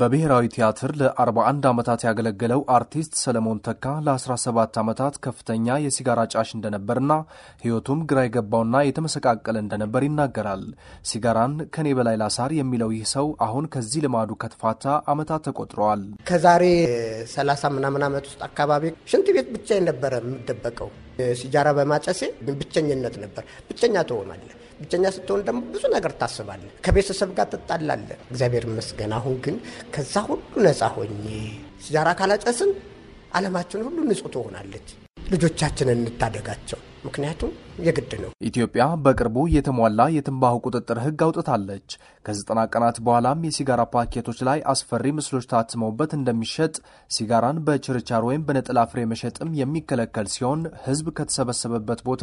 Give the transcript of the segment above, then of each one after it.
በብሔራዊ ቲያትር ለ41 ዓመታት ያገለገለው አርቲስት ሰለሞን ተካ ለ17 ዓመታት ከፍተኛ የሲጋራ ጫሽ እንደነበርና ሕይወቱም ግራ የገባውና የተመሰቃቀለ እንደነበር ይናገራል። ሲጋራን ከኔ በላይ ላሳር የሚለው ይህ ሰው አሁን ከዚህ ልማዱ ከተፋታ ዓመታት ተቆጥረዋል። ከዛሬ 30 ምናምን ዓመት ውስጥ አካባቢ ሽንት ቤት ብቻ ነበረ የምደበቀው። ሲጋራ በማጨሴ ብቸኝነት ነበር። ብቸኛ ትሆናለህ ብቸኛ ስትሆን ደግሞ ብዙ ነገር ታስባለ፣ ከቤተሰብ ጋር ትጣላለ። እግዚአብሔር ይመስገን አሁን ግን ከዛ ሁሉ ነፃ ሆኜ ሲጃራ ካላጨስን አለማችን ሁሉ ንጹህ ትሆናለች። ልጆቻችንን እንታደጋቸው። ምክንያቱም የግድ ነው። ኢትዮጵያ በቅርቡ የተሟላ የትንባሁ ቁጥጥር ህግ አውጥታለች። ከዘጠና ቀናት በኋላም የሲጋራ ፓኬቶች ላይ አስፈሪ ምስሎች ታትመውበት እንደሚሸጥ፣ ሲጋራን በችርቻር ወይም በነጠላ ፍሬ መሸጥም የሚከለከል ሲሆን ህዝብ ከተሰበሰበበት ቦታ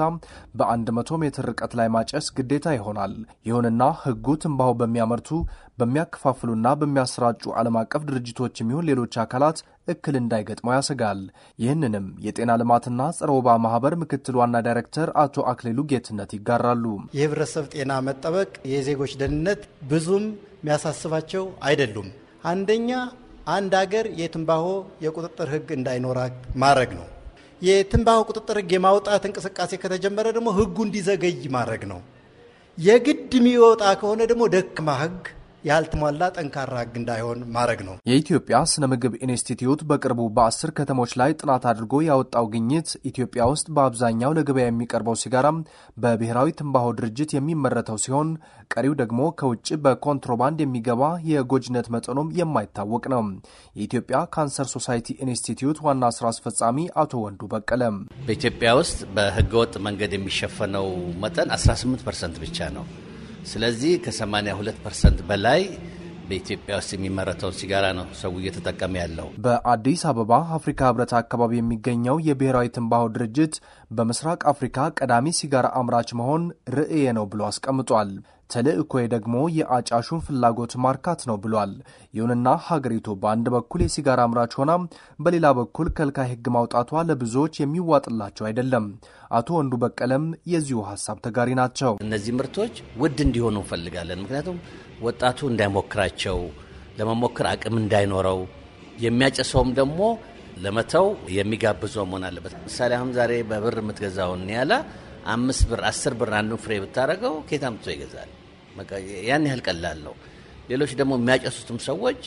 በ100 ሜትር ርቀት ላይ ማጨስ ግዴታ ይሆናል። ይሁንና ህጉ ትንባሁ በሚያመርቱ በሚያከፋፍሉና በሚያሰራጩ ዓለም አቀፍ ድርጅቶች የሚሆን ሌሎች አካላት እክል እንዳይገጥመው ያሰጋል። ይህንንም የጤና ልማትና ጸረ ወባ ማህበር ምክትል ዋና ዳይሬክተር አቶ አክሊሉ ጌትነት ይጋራሉ። የህብረተሰብ ጤና መጠበቅ፣ የዜጎች ደህንነት ብዙም የሚያሳስባቸው አይደሉም። አንደኛ አንድ አገር የትንባሆ የቁጥጥር ህግ እንዳይኖራ ማድረግ ነው። የትንባሆ ቁጥጥር ህግ የማውጣት እንቅስቃሴ ከተጀመረ ደግሞ ህጉ እንዲዘገይ ማድረግ ነው። የግድ የሚወጣ ከሆነ ደግሞ ደካማ ህግ ያልተሟላ ጠንካራ ህግ እንዳይሆን ማድረግ ነው። የኢትዮጵያ ስነ ምግብ ኢንስቲትዩት በቅርቡ በአስር ከተሞች ላይ ጥናት አድርጎ ያወጣው ግኝት ኢትዮጵያ ውስጥ በአብዛኛው ለገበያ የሚቀርበው ሲጋራም በብሔራዊ ትንባሆ ድርጅት የሚመረተው ሲሆን ቀሪው ደግሞ ከውጭ በኮንትሮባንድ የሚገባ የጎጅነት መጠኑም የማይታወቅ ነው። የኢትዮጵያ ካንሰር ሶሳይቲ ኢንስቲትዩት ዋና ስራ አስፈጻሚ አቶ ወንዱ በቀለ በኢትዮጵያ ውስጥ በህገወጥ መንገድ የሚሸፈነው መጠን 18 ፐርሰንት ብቻ ነው። ስለዚህ ከ82 ፐርሰንት በላይ በኢትዮጵያ ውስጥ የሚመረተውን ሲጋራ ነው ሰው እየተጠቀመ ያለው። በአዲስ አበባ አፍሪካ ህብረት አካባቢ የሚገኘው የብሔራዊ ትንባሆ ድርጅት በምስራቅ አፍሪካ ቀዳሚ ሲጋራ አምራች መሆን ርዕዬ ነው ብሎ አስቀምጧል። ተልእኮዬ ደግሞ የአጫሹን ፍላጎት ማርካት ነው ብሏል። ይሁንና ሀገሪቱ በአንድ በኩል የሲጋራ አምራች ሆና በሌላ በኩል ከልካይ ሕግ ማውጣቷ ለብዙዎች የሚዋጥላቸው አይደለም። አቶ ወንዱ በቀለም የዚሁ ሀሳብ ተጋሪ ናቸው። እነዚህ ምርቶች ውድ እንዲሆኑ እንፈልጋለን። ምክንያቱም ወጣቱ እንዳይሞክራቸው፣ ለመሞከር አቅም እንዳይኖረው የሚያጨሰውም ደግሞ ለመተው የሚጋብዝ መሆን አለበት። ምሳሌ አሁን ዛሬ በብር የምትገዛውን ያለ አምስት ብር አስር ብር አንዱ ፍሬ ብታደረገው ኬታ አምጥቶ ይገዛል። ያን ያህል ቀላል ነው። ሌሎች ደግሞ የሚያጨሱትም ሰዎች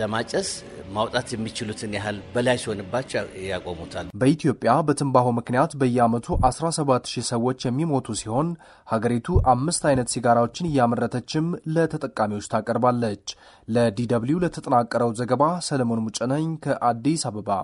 ለማጨስ ማውጣት የሚችሉትን ያህል በላይ ሲሆንባቸው ያቆሙታል። በኢትዮጵያ በትንባሆ ምክንያት በየዓመቱ 17 ሰዎች የሚሞቱ ሲሆን ሀገሪቱ አምስት አይነት ሲጋራዎችን እያመረተችም ለተጠቃሚዎች ታቀርባለች። ለዲ ለተጠናቀረው ዘገባ ሰለሞን ሙጨነኝ ከአዲስ አበባ